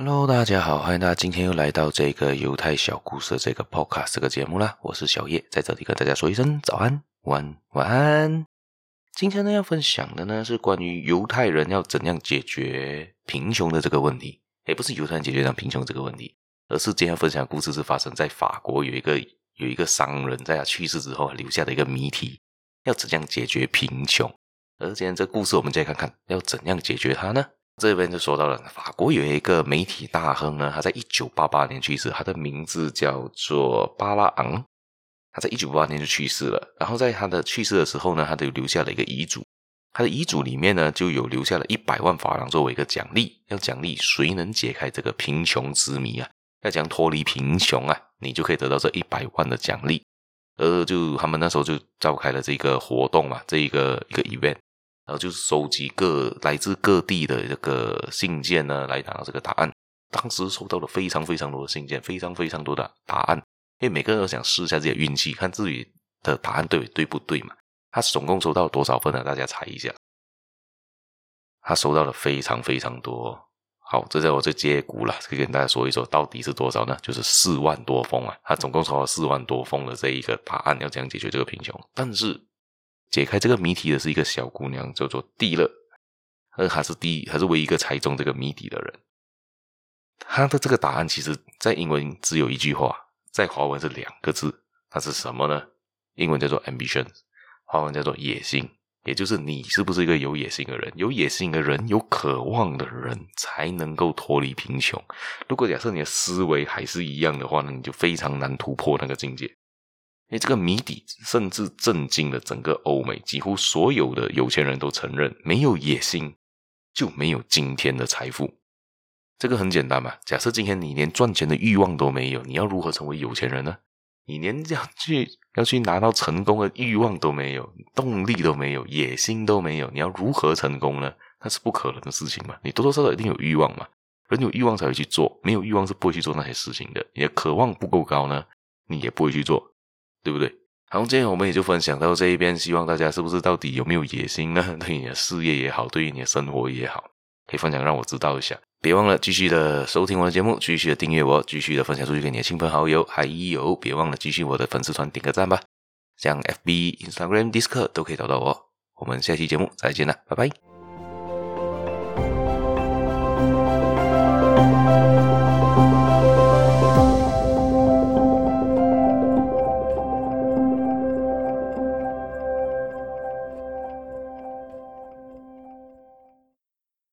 Hello，大家好，歡迎大家今天又來到這個猶太小故事的這個 Podcast 這個節目啦。我是小葉，在這裡跟大家說一聲早安、晚晚安。今天呢要分享的呢是關於猶太人要怎樣解決貧窮的這個問題，也不是猶太人解決怎樣貧窮這個問題，而是今天要分享的故事是發生在法國有一個有一個商人在他去世之後留下的一個謎題，要怎樣解決貧窮？而今天這個故事我們再來看看要怎樣解決它呢？這邊就說到了，法國有一個媒體大亨呢，他在一九八八年去世，他的名字叫做巴拉昂。他在一九八八年就去世了，然後在他的去世的時候呢，他就留下了一個遺囑。他的遺囑裡面呢，就有留下了一百萬法郎作為一個獎勵，要獎勵誰能解開這個貧窮之謎啊，要講脫離貧窮啊，你就可以得到這一百萬的獎勵。呃，就他們那時候就召開了這個活動嘛、啊，這一個、一個 event。然後就是收集各來自各地的這個信件呢，來達到這個答案。當時收到了非常非常多的信件，非常非常多的答案，因為每個人都想試一下自己的運氣，看自己的答案對不對不對嘛。他總共收到了多少份呢？大家猜一下。他收到了非常非常多。好，這在我這接骨了，可以跟大家說一說到底是多少呢？就是四萬多封啊，他總共收到四萬多封的這一個答案，要怎樣解決這個貧窮？但是。解開這個謎題的是一個小姑娘，叫做蒂勒，而她是第一，她是唯一一個猜中這個謎底的人。她的這個答案其實，在英文只有一句話，在華文是兩個字，它是什麼呢？英文叫做 ambition，華文叫做野心，也就是你是不是一個有野心的人？有野心的人，有渴望的人，才能夠脫離貧窮。如果假設你的思維還是一樣的話呢，你就非常難突破那個境界。哎，這個謎底甚至震驚了整個歐美，幾乎所有的有錢人都承認：沒有野心就沒有今天的財富。這個很簡單嘛。假設今天你連賺錢的欲望都沒有，你要如何成為有錢人呢？你連這樣去要去拿到成功的欲望都沒有，動力都沒有，野心都沒有，你要如何成功呢？那是不可能的事情嘛。你多多少少一定有欲望嘛。人有欲望才會去做，沒有欲望是不會去做那些事情的。你的渴望不夠高呢，你也不會去做。對不對？好，今天我們也就分享到這一邊，希望大家是不是到底有沒有野心呢？對你的事業也好，對你的生活也好，可以分享讓我知道一下。別忘了繼續的收聽我的節目，繼續的訂閱我，繼續的分享出去給你的親朋好友，還有別忘了繼續我的粉絲團點個讚吧。像 FB、Instagram、Discord 都可以找到我。我們下期節目再見啦，拜拜。